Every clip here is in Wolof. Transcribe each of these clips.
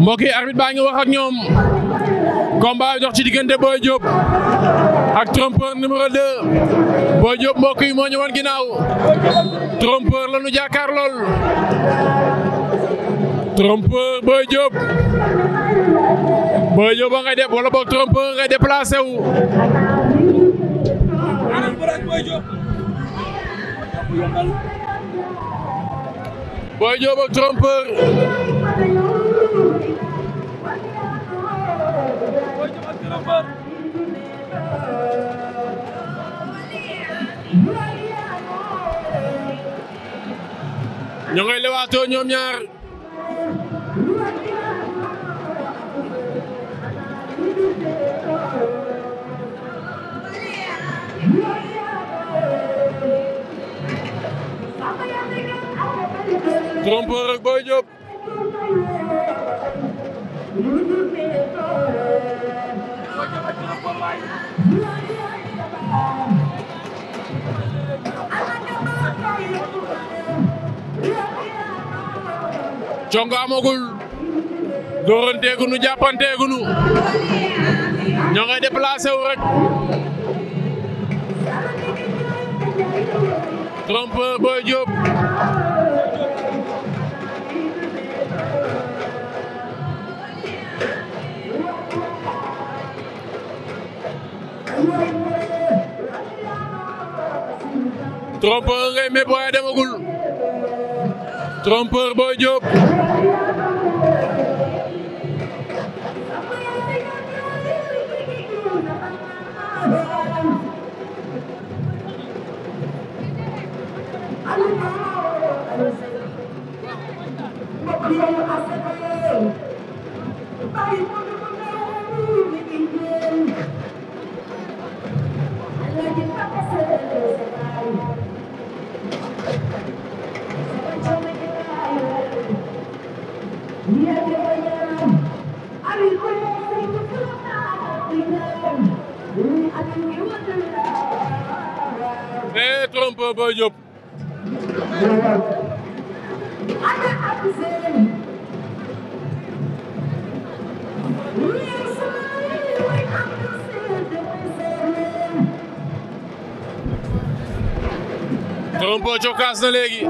mbokk yi arbitre baa ngi waxak ak ñoom combat dox ci diggante Boy Diop ak trompeur numéro 2 Boy Diop mbokk yi moo ñëwoon ginnaaw trompeur la ñu lool trompeur Boy Diop Boy Diop ngay ngay déplacé wu. Boy Diop ak trompeur. ñoo ngay lewaatoo ñaar. trompeur ak Boy Diop congo amagul dóoranteegunu jàppanteegunu ñoo ngay déplacé wu rek trompeur Boy Diop trompeur ngay mais trompeur Boy Diop trompe Boy Diop. Trompo cokkaas na léegi.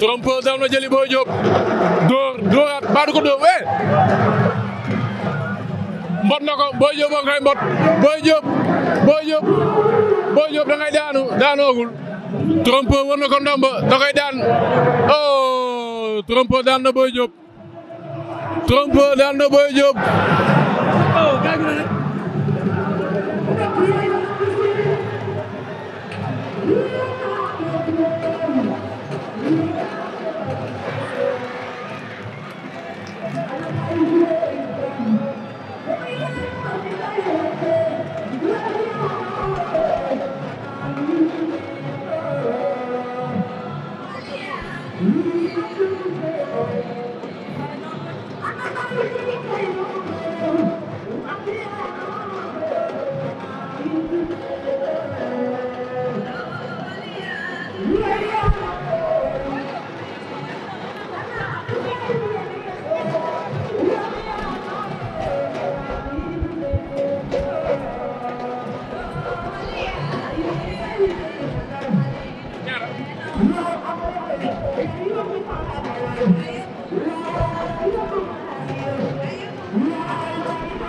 trompeur daw na jëli Boy Diop dóor dóoraat baa du ko dóor eh! mbot na ko Boy Diop mbot Boy Diop Boy Diop Boy da daanu daanoogul trompeur war ko ndomba da daan oh trompeur daan na Boy